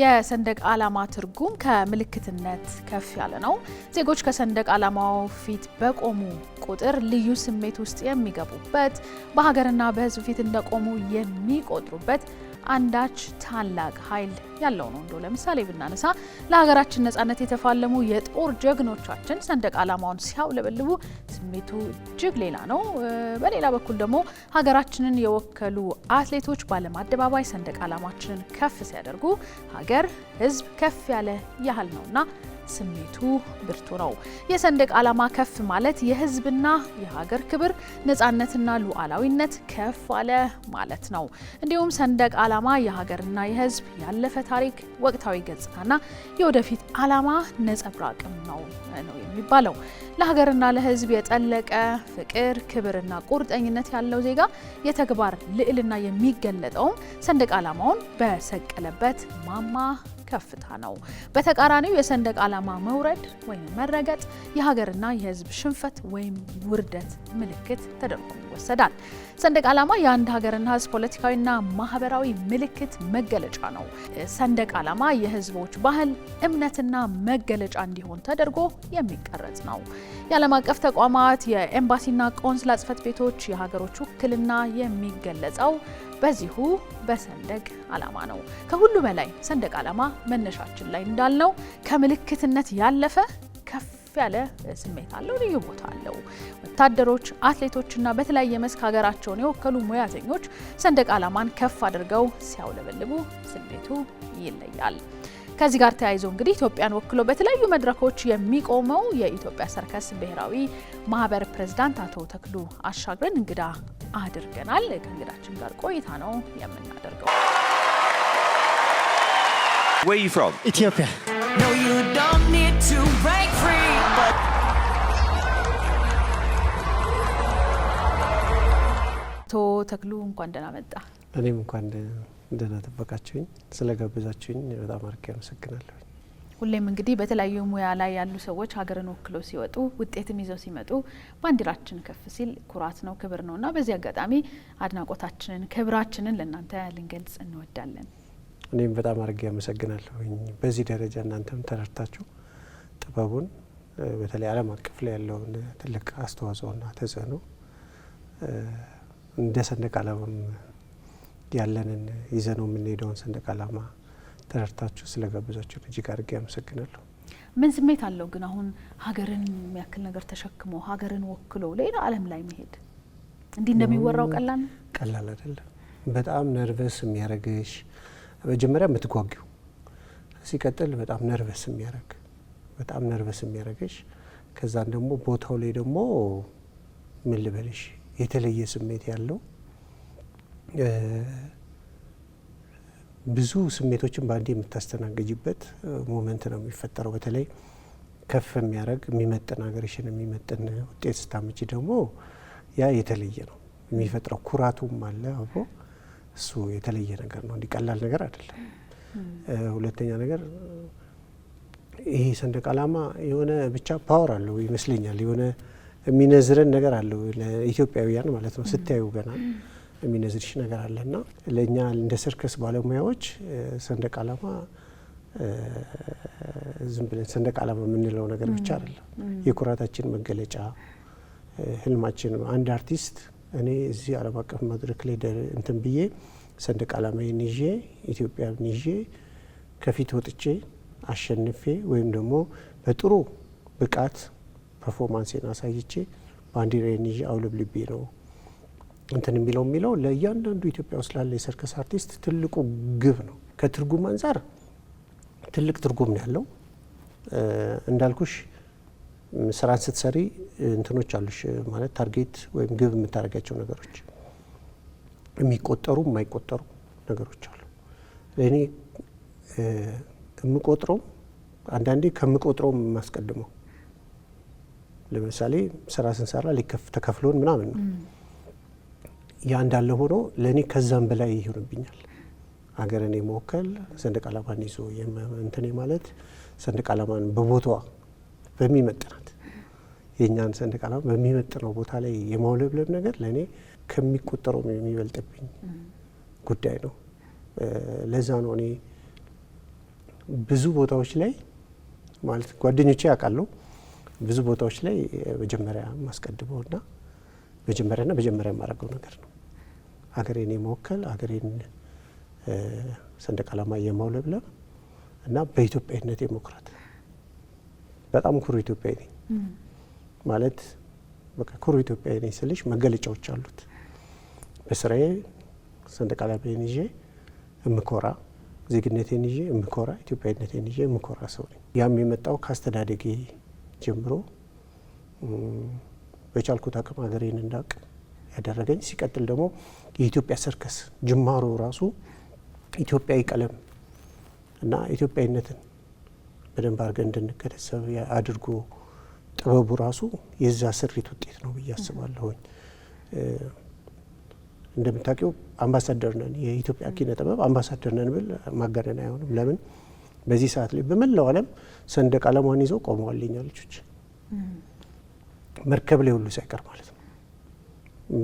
የሰንደቅ ዓላማ ትርጉም ከምልክትነት ከፍ ያለ ነው። ዜጎች ከሰንደቅ ዓላማው ፊት በቆሙ ቁጥር ልዩ ስሜት ውስጥ የሚገቡበት፣ በሀገርና በሕዝብ ፊት እንደቆሙ የሚቆጥሩበት አንዳች ታላቅ ኃይል ያለው ነው። እንዶ ለምሳሌ ብናነሳ ለሀገራችን ነጻነት የተፋለሙ የጦር ጀግኖቻችን ሰንደቅ ዓላማውን ሲያውለበልቡ ስሜቱ እጅግ ሌላ ነው። በሌላ በኩል ደግሞ ሀገራችንን የወከሉ አትሌቶች በዓለም አደባባይ ሰንደቅ ዓላማችንን ከፍ ሲያደርጉ ሀገር፣ ሕዝብ ከፍ ያለ ያህል ነውና ስሜቱ ብርቱ ነው። የሰንደቅ ዓላማ ከፍ ማለት የህዝብና የሀገር ክብር፣ ነጻነትና ሉዓላዊነት ከፍ አለ ማለት ነው። እንዲሁም ሰንደቅ ዓላማ የሀገርና የህዝብ ያለፈ ታሪክ፣ ወቅታዊ ገጽታና የወደፊት ዓላማ ነጸብራቅም ነው ነው የሚባለው። ለሀገርና ለህዝብ የጠለቀ ፍቅር፣ ክብርና ቁርጠኝነት ያለው ዜጋ የተግባር ልዕልና የሚገለጠውም ሰንደቅ ዓላማውን በሰቀለበት ማማ ከፍታ ነው። በተቃራኒው የሰንደቅ ዓላማ መውረድ ወይም መረገጥ የሀገርና የሕዝብ ሽንፈት ወይም ውርደት ምልክት ተደርጎ ይወሰዳል። ሰንደቅ ዓላማ የአንድ ሀገርና ሕዝብ ፖለቲካዊና ማህበራዊ ምልክት መገለጫ ነው። ሰንደቅ ዓላማ የሕዝቦች ባህል፣ እምነትና መገለጫ እንዲሆን ተደርጎ የሚቀረጽ ነው። የዓለም አቀፍ ተቋማት፣ የኤምባሲና ቆንስላ ጽፈት ቤቶች፣ የሀገሮች ውክልና የሚገለጸው በዚሁ በሰንደቅ ዓላማ ነው። ከሁሉ በላይ ሰንደቅ ዓላማ መነሻችን ላይ እንዳልነው ከምልክትነት ያለፈ ከፍ ያለ ስሜት አለው፣ ልዩ ቦታ አለው። ወታደሮች፣ አትሌቶችና በተለያየ መስክ ሀገራቸውን የወከሉ ሙያተኞች ሰንደቅ ዓላማን ከፍ አድርገው ሲያውለበልቡ ስሜቱ ይለያል። ከዚህ ጋር ተያይዞ እንግዲህ ኢትዮጵያን ወክሎ በተለያዩ መድረኮች የሚቆመው የኢትዮጵያ ሰርከስ ብሔራዊ ማህበር ፕሬዝዳንት አቶ ተክሉ አሻግረን እንግዳ አድርገናል። ከእንግዳችን ጋር ቆይታ ነው የምናደርገው። ኢትዮጵያ አቶ ተክሉ እንኳን ደህና መጣ። እኔም እንኳን ደህና ጠበቃችሁኝ። ስለጋበዛችሁኝ በጣም አርጌ አመሰግናለሁ። ሁሌም እንግዲህ በተለያዩ ሙያ ላይ ያሉ ሰዎች ሀገርን ወክለው ሲወጡ ውጤትም ይዘው ሲመጡ ባንዲራችን ከፍ ሲል ኩራት ነው፣ ክብር ነው እና በዚህ አጋጣሚ አድናቆታችንን ክብራችንን ለእናንተ ልንገልጽ እንወዳለን። እኔም በጣም አድርጌ አመሰግናለሁ። በዚህ ደረጃ እናንተም ተረድታችሁ ጥበቡን በተለይ ዓለም አቀፍ ላይ ያለውን ትልቅ አስተዋጽኦና ተጽዕኖ እንደ ሰንደቅ ዓላማም ያለንን ይዘነው የምንሄደውን ሰንደቅ ዓላማ ተረድታችሁ ስለጋበዛችሁን እጅግ አድርጌ አመሰግናለሁ። ምን ስሜት አለው ግን አሁን ሀገርን የሚያክል ነገር ተሸክሞ ሀገርን ወክሎ ሌላ ዓለም ላይ መሄድ እንዲህ እንደሚወራው ቀላል ቀላል አይደለም። በጣም ነርቨስ የሚያደርግሽ መጀመሪያ የምትጓጊው፣ ሲቀጥል በጣም ነርቨስ የሚያደርግ በጣም ነርቨስ የሚያደርግሽ፣ ከዛን ደግሞ ቦታው ላይ ደግሞ ምን ልበልሽ የተለየ ስሜት ያለው ብዙ ስሜቶችን በአንዴ የምታስተናግጅበት ሞመንት ነው የሚፈጠረው። በተለይ ከፍ የሚያደርግ የሚመጥን ሀገርሽን የሚመጥን ውጤት ስታምጪ ደግሞ ያ የተለየ ነው የሚፈጥረው። ኩራቱም አለ አብሮ እሱ የተለየ ነገር ነው። እንዲቀላል ነገር አይደለም። ሁለተኛ ነገር ይሄ ሰንደቅ ዓላማ የሆነ ብቻ ፓወር አለው ይመስለኛል። የሆነ የሚነዝረን ነገር አለው ለኢትዮጵያውያን ማለት ነው ስታዩ ገና የሚነዝርሽ ነገር አለና ለእኛ እንደ ሰርከስ ባለሙያዎች ሰንደቅ ዓላማ ዝም ብለን ሰንደቅ ዓላማ የምንለው ነገር ብቻ አይደለም። የኩራታችን መገለጫ ህልማችን። አንድ አርቲስት እኔ እዚህ ዓለም አቀፍ መድረክ ላይ እንትን ብዬ ሰንደቅ ዓላማዬን ይዤ ኢትዮጵያን ይዤ ከፊት ወጥቼ አሸንፌ ወይም ደግሞ በጥሩ ብቃት ፐርፎርማንሴን አሳይቼ ባንዲራዬን ይዤ አውለብልቤ ነው እንትን የሚለው የሚለው ለእያንዳንዱ ኢትዮጵያ ውስጥ ላለ የሰርከስ አርቲስት ትልቁ ግብ ነው። ከትርጉም አንጻር ትልቅ ትርጉም ነው ያለው። እንዳልኩሽ ስራን ስትሰሪ እንትኖች አሉሽ ማለት ታርጌት ወይም ግብ የምታደርጋቸው ነገሮች የሚቆጠሩ የማይቆጠሩ ነገሮች አሉ። እኔ የምቆጥረው አንዳንዴ ከምቆጥረው የማስቀድመው ለምሳሌ ስራ ስንሰራ ተከፍሎን ምናምን ነው ያ እንዳለ ሆኖ ለእኔ ከዛም በላይ ይሆንብኛል። ሀገርን የመወከል ሰንደቅ ዓላማን ይዞ እንትን ማለት ሰንደቅ ዓላማን በቦታዋ በሚመጥናት የእኛን ሰንደቅ ዓላማ በሚመጥነው ቦታ ላይ የማውለብለብ ነገር ለእኔ ከሚቆጠረው የሚበልጥብኝ ጉዳይ ነው። ለዛ ነው እኔ ብዙ ቦታዎች ላይ ማለት ጓደኞቼ ያውቃለሁ ብዙ ቦታዎች ላይ መጀመሪያ ማስቀድመውና መጀመሪያና መጀመሪያ የማደርገው ነገር ነው። አገሬን የመወከል አገሬን ሰንደቅ ዓላማ የማውለብለብ እና በኢትዮጵያዊነት የመኩራት በጣም ኩሩ ኢትዮጵያዊ ነኝ ማለት በቃ ኩሩ ኢትዮጵያዊ ነኝ ስልሽ መገለጫዎች አሉት። በስራዬ ሰንደቅ ዓላማዬን ይዤ የምኮራ፣ ዜግነቴን ይዤ የምኮራ፣ ኢትዮጵያዊነቴን ይዤ የምኮራ ሰው ነኝ። ያም የመጣው ከአስተዳደጌ ጀምሮ በቻልኩት አቅም ሀገሬን እንዳውቅ ያደረገኝ። ሲቀጥል ደግሞ የኢትዮጵያ ሰርከስ ጅማሮ ራሱ ኢትዮጵያዊ ቀለም እና ኢትዮጵያዊነትን በደንብ አድርገን እንድንገነዘብ አድርጎ ጥበቡ ራሱ የዛ ስሪት ውጤት ነው ብዬ አስባለሁኝ። እንደምታውቂው አምባሳደር ነን፣ የኢትዮጵያ ኪነ ጥበብ አምባሳደር ነን ብል ማጋነን አይሆንም። ለምን በዚህ ሰዓት ላይ በመላው ዓለም ሰንደቅ ዓላማን ይዘው ቆመዋል የኛ ልጆች መርከብ ላይ ሁሉ ሳይቀር ማለት ነው።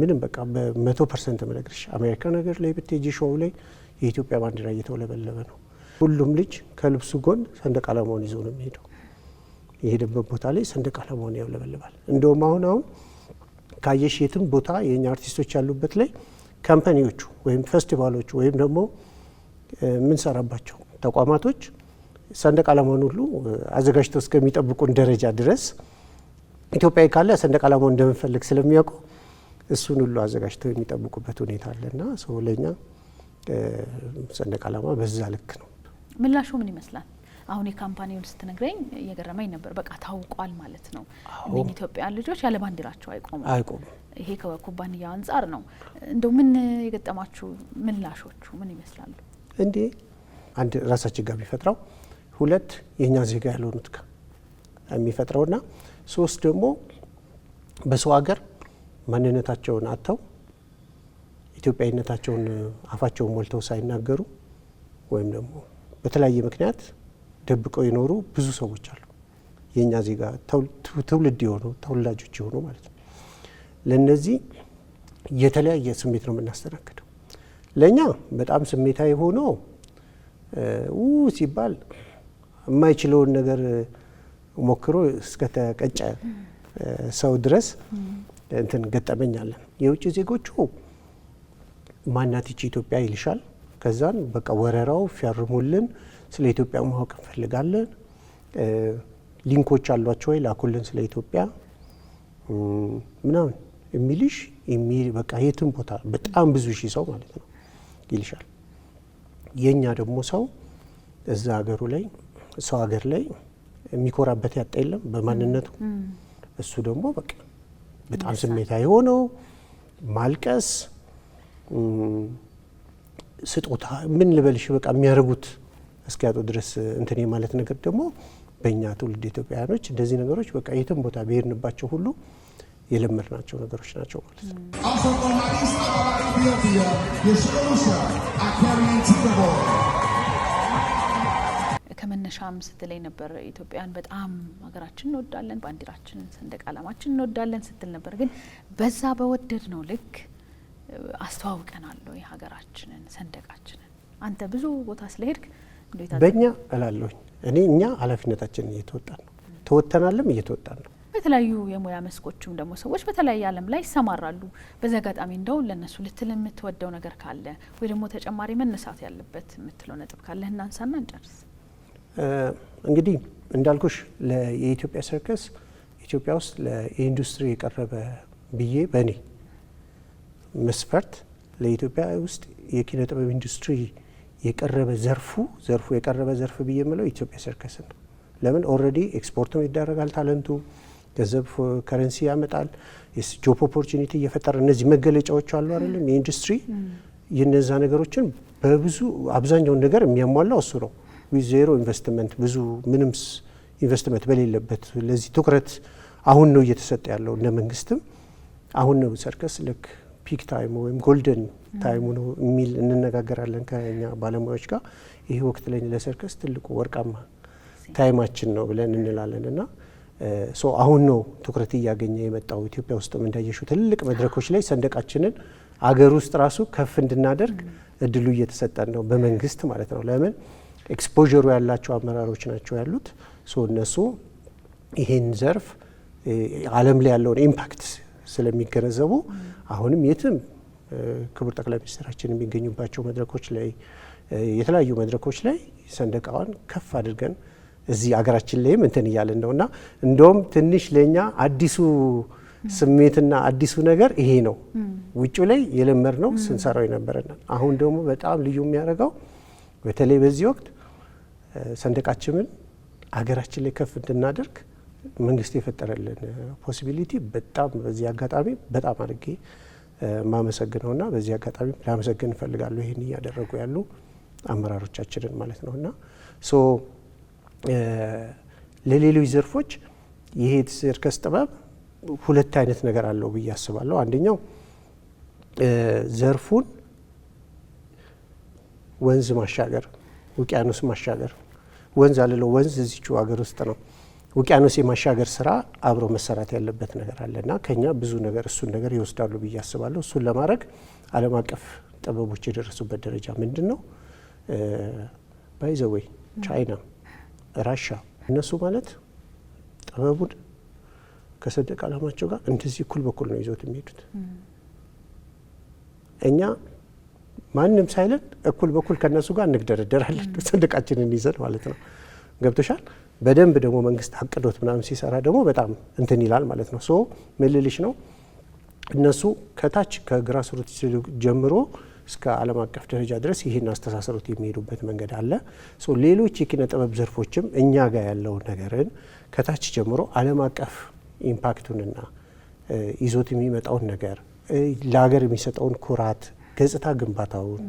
ምንም በቃ በመቶ ፐርሰንት ምነግርሽ አሜሪካ ነገር ላይ ብትሄጂ ሾው ላይ የኢትዮጵያ ባንዲራ እየተውለበለበ ነው። ሁሉም ልጅ ከልብሱ ጎን ሰንደቅ ዓላማውን ይዞ ነው የሚሄደው። የሄደበት ቦታ ላይ ሰንደቅ ዓላማውን ያውለበልባል። እንደውም አሁን አሁን ካየሽ የትም ቦታ የእኛ አርቲስቶች ያሉበት ላይ ካምፓኒዎቹ ወይም ፌስቲቫሎቹ ወይም ደግሞ የምንሰራባቸው ተቋማቶች ሰንደቅ ዓላማውን ሁሉ አዘጋጅተው እስከሚጠብቁን ደረጃ ድረስ ኢትዮጵያዊ ካለ ሰንደቅ ዓላማውን እንደምንፈልግ ስለሚያውቁ እሱን ሁሉ አዘጋጅተው የሚጠብቁበት ሁኔታ አለና ሰው ለእኛ ሰንደቅ ዓላማ በዛ ልክ ነው። ምላሹ ምን ይመስላል? አሁን የካምፓኒውን ስትነግረኝ እየገረመኝ ነበር። በቃ ታውቋል ማለት ነው። እነ ኢትዮጵያ ልጆች ያለ ባንዲራቸው አይቆሙ አይቆሙ። ይሄ ከኩባንያ አንጻር ነው። እንደው ምን የገጠማችሁ ምላሾቹ ምን ይመስላሉ? እንዴ አንድ ራሳችን ጋር የሚፈጥረው ሁለት የእኛ ዜጋ ያልሆኑት ጋር የሚፈጥረውና ሶስት ደግሞ በሰው ሀገር ማንነታቸውን አጥተው ኢትዮጵያዊነታቸውን አፋቸውን ሞልተው ሳይናገሩ ወይም ደግሞ በተለያየ ምክንያት ደብቀው የኖሩ ብዙ ሰዎች አሉ። የእኛ ዜጋ ትውልድ የሆኑ ተወላጆች የሆኑ ማለት ነው። ለእነዚህ የተለያየ ስሜት ነው የምናስተናግደው። ለእኛ በጣም ስሜታዊ ሆኖ ው ሲባል የማይችለውን ነገር ሞክሮ እስከተቀጨ ሰው ድረስ እንትን ገጠመኛለን። የውጭ ዜጎቹ ማናት ይቺ ኢትዮጵያ ይልሻል። ከዛን በቃ ወረራው ፊያርሙልን ስለ ኢትዮጵያ ማወቅ እንፈልጋለን። ሊንኮች አሏቸው ወይ ላኩልን ስለ ኢትዮጵያ ምናምን የሚልሽ በቃ የትም ቦታ በጣም ብዙ ሺህ ሰው ማለት ነው ይልሻል። የእኛ ደግሞ ሰው እዛ ሀገሩ ላይ ሰው ሀገር ላይ የሚኮራበት ያጣ የለም በማንነቱ እሱ ደግሞ በቃ በጣም ስሜታ የሆነው ማልቀስ፣ ስጦታ ምን ልበልሽ በቃ የሚያደርጉት እስኪያጡ ድረስ እንትን የማለት ነገር ደግሞ በእኛ ትውልድ ኢትዮጵያውያኖች እንደዚህ ነገሮች በቃ የትም ቦታ ብሄድንባቸው ሁሉ የለመድናቸው ነገሮች ናቸው ማለት ነው። መነሻም ስትለኝ ነበር ኢትዮጵያን በጣም ሀገራችን እንወዳለን፣ ባንዲራችን ሰንደቅ ዓላማችን እንወዳለን ስትል ነበር። ግን በዛ በወደድ ነው ልክ አስተዋውቀናለሁ የሀገራችንን ሰንደቃችንን። አንተ ብዙ ቦታ ስለሄድክ በእኛ እላለሁኝ እኔ እኛ ኃላፊነታችንን እየተወጣን ነው፣ ተወተናልም እየተወጣን ነው። በተለያዩ የሙያ መስኮችም ደግሞ ሰዎች በተለያየ ዓለም ላይ ይሰማራሉ። በዚህ አጋጣሚ እንደው ለእነሱ ልትል የምትወደው ነገር ካለ ወይ ደግሞ ተጨማሪ መነሳት ያለበት የምትለው ነጥብ ካለ እናንሳና እንጨርስ። እንግዲህ እንዳልኩሽ የኢትዮጵያ ሰርከስ ኢትዮጵያ ውስጥ ለኢንዱስትሪ የቀረበ ብዬ በእኔ መስፈርት ለኢትዮጵያ ውስጥ የኪነ ጥበብ ኢንዱስትሪ የቀረበ ዘርፉ ዘርፉ የቀረበ ዘርፍ ብዬ የምለው ኢትዮጵያ ሰርከስ ነው። ለምን ኦልሬዲ ኤክስፖርትም ይደረጋል ታለንቱ ገንዘብ ከረንሲ ያመጣል፣ ጆብ ኦፖርቹኒቲ እየፈጠረ እነዚህ መገለጫዎች አሉ አይደለም የኢንዱስትሪ የነዛ ነገሮችን በብዙ አብዛኛውን ነገር የሚያሟላው እሱ ነው። ዜሮ ኢንቨስትመንት ብዙ ምንም ኢንቨስትመንት በሌለበት ለዚህ ትኩረት አሁን ነው እየተሰጠ ያለው። እንደ መንግስትም አሁን ነው ሰርከስ ልክ ፒክ ታይሙ ወይም ጎልደን ታይሙ ነው የሚል እንነጋገራለን ከኛ ባለሙያዎች ጋር። ይሄ ወቅት ላይ ለሰርከስ ትልቁ ወርቃማ ታይማችን ነው ብለን እንላለን እና ሶ አሁን ነው ትኩረት እያገኘ የመጣው። ኢትዮጵያ ውስጥም እንዳየሹ ትልልቅ መድረኮች ላይ ሰንደቃችንን አገር ውስጥ ራሱ ከፍ እንድናደርግ እድሉ እየተሰጠን ነው በመንግስት ማለት ነው። ለምን ኤክስፖሩ ያላቸው አመራሮች ናቸው ያሉት። እነሱ ይሄን ዘርፍ ዓለም ላይ ያለውን ኢምፓክት ስለሚገነዘቡ አሁንም የትም ክቡር ጠቅላይ ሚኒስትራችን የሚገኙባቸው መድረኮች ላይ የተለያዩ መድረኮች ላይ ሰንደቃዋን ከፍ አድርገን እዚህ አገራችን ላይም እንትን እያለን ነው እና እንደውም ትንሽ ለእኛ አዲሱ ስሜትና አዲሱ ነገር ይሄ ነው። ውጭ ላይ የለመድ ነው ስንሰራው የነበረና አሁን ደግሞ በጣም ልዩ የሚያደርገው በተለይ በዚህ ወቅት ሰንደቃችንን አገራችን ላይ ከፍ እንድናደርግ መንግስት የፈጠረልን ፖሲቢሊቲ በጣም በዚህ አጋጣሚ በጣም አድርጌ ና በዚህ አጋጣሚ ላመሰግን እንፈልጋሉ ይህን እያደረጉ ያሉ አመራሮቻችንን ማለት ነው ና ሶ ለሌሎች ዘርፎች ይሄ ሰርከስ ጥበብ ሁለት አይነት ነገር አለው ብዬ አስባለሁ። አንደኛው ዘርፉን ወንዝ ማሻገር፣ ውቅያኖስ ማሻገር። ወንዝ ያለለው ወንዝ እዚችው ሀገር ውስጥ ነው። ውቅያኖስ የማሻገር ስራ አብሮ መሰራት ያለበት ነገር አለና ከኛ ብዙ ነገር እሱን ነገር ይወስዳሉ ብዬ አስባለሁ። እሱን ለማድረግ ዓለም አቀፍ ጥበቦች የደረሱበት ደረጃ ምንድን ነው? ባይዘወይ ቻይና፣ ራሻ እነሱ ማለት ጥበቡን ከሰደቅ ዓላማቸው ጋር እንደዚህ እኩል በኩል ነው ይዞት የሚሄዱት እኛ ማንም ሳይለን እኩል በኩል ከነሱ ጋር እንግደረደራለን ሰንደቃችንን ይዘን ማለት ነው። ገብቶሻል። በደንብ ደግሞ መንግስት አቅዶት ምናምን ሲሰራ ደግሞ በጣም እንትን ይላል ማለት ነው። ሶ ምልልሽ ነው እነሱ ከታች ከግራስሩት ጀምሮ እስከ ዓለም አቀፍ ደረጃ ድረስ ይህን አስተሳሰሩት የሚሄዱበት መንገድ አለ። ሌሎች የኪነ ጥበብ ዘርፎችም እኛ ጋር ያለውን ነገርን ከታች ጀምሮ ዓለም አቀፍ ኢምፓክቱንና ይዞት የሚመጣውን ነገር ለሀገር የሚሰጠውን ኩራት ገጽታ ግንባታውን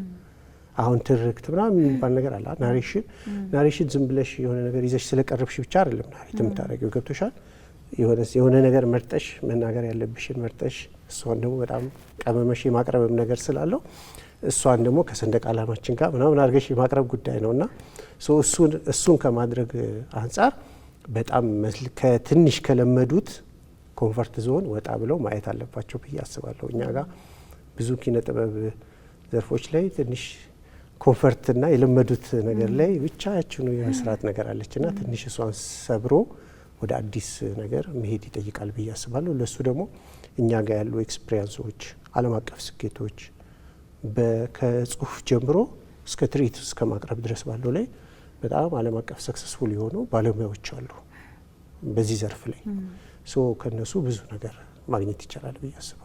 አሁን ትርክት ምናምን የሚባል ነገር አለ። ናሬሽን ናሬሽን ዝም ብለሽ የሆነ ነገር ይዘሽ ስለቀረብሽ ብቻ አይደለም ናሬት የምታደርገው ገብቶሻል። የሆነ ነገር መርጠሽ መናገር ያለብሽን መርጠሽ እሷን ደግሞ በጣም ቀመመሽ የማቅረብም ነገር ስላለው እሷን ደግሞ ከሰንደቅ ዓላማችን ጋር ምናምን አድርገሽ የማቅረብ ጉዳይ ነው እና እሱን ከማድረግ አንጻር በጣም ከትንሽ ከለመዱት ኮንፈርት ዞን ወጣ ብለው ማየት አለባቸው ብዬ አስባለሁ እኛ ጋር ብዙ ኪነ ጥበብ ዘርፎች ላይ ትንሽ ኮንፈርትና የለመዱት ነገር ላይ ብቻ ያችኑ የመስራት ነገር አለችና ትንሽ እሷን ሰብሮ ወደ አዲስ ነገር መሄድ ይጠይቃል ብዬ አስባለሁ። ለእሱ ደግሞ እኛ ጋር ያሉ ኤክስፒሪንሶች፣ ዓለም አቀፍ ስኬቶች ከጽሁፍ ጀምሮ እስከ ትርኢት እስከ ማቅረብ ድረስ ባለው ላይ በጣም ዓለም አቀፍ ሰክሰስፉል የሆኑ ባለሙያዎች አሉ በዚህ ዘርፍ ላይ ሶ ከነሱ ብዙ ነገር ማግኘት ይቻላል ብዬ አስባለሁ።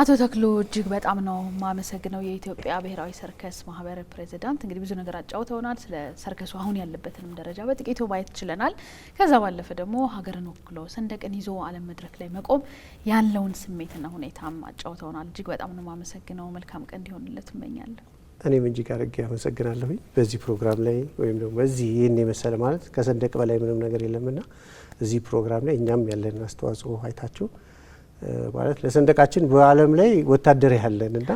አቶ ተክሉ እጅግ በጣም ነው የማመሰግነው። የኢትዮጵያ ብሔራዊ ሰርከስ ማህበር ፕሬዚዳንት፣ እንግዲህ ብዙ ነገር አጫውተውናል። ስለ ሰርከሱ አሁን ያለበትንም ደረጃ በጥቂቱ ማየት ችለናል። ከዛ ባለፈ ደግሞ ሀገርን ወክሎ ሰንደቅን ይዞ ዓለም መድረክ ላይ መቆም ያለውን ስሜትና ሁኔታም አጫውተውናል። እጅግ በጣም ነው የማመሰግነው። መልካም ቀን እንዲሆንለት እመኛለሁ። እኔም እጅግ አድርጌ አመሰግናለሁኝ በዚህ ፕሮግራም ላይ ወይም ደግሞ በዚህ ይህን የመሰለ ማለት ከሰንደቅ በላይ ምንም ነገር የለምና እዚህ ፕሮግራም ላይ እኛም ያለን አስተዋጽኦ አይታችሁ ማለት ለሰንደቃችን በዓለም ላይ ወታደር ያለን እና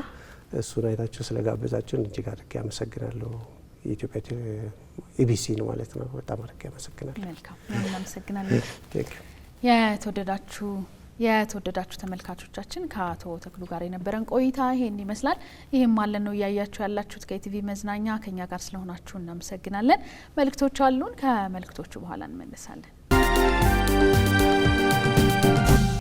እሱን አይታችሁ ስለጋበዛችሁን እጅግ አድርጌ አመሰግናለሁ። የኢትዮጵያ ነው ማለት ነው። በጣም አድርጌ አመሰግናለሁ። የተወደዳችሁ የተወደዳችሁ ተመልካቾቻችን ከአቶ ተክሉ ጋር የነበረን ቆይታ ይሄን ይመስላል። ይህም አለን ነው እያያችሁ ያላችሁት ከኢቲቪ መዝናኛ። ከኛ ጋር ስለሆናችሁ እናመሰግናለን። መልእክቶች አሉን። ከመልእክቶቹ በኋላ እንመለሳለን።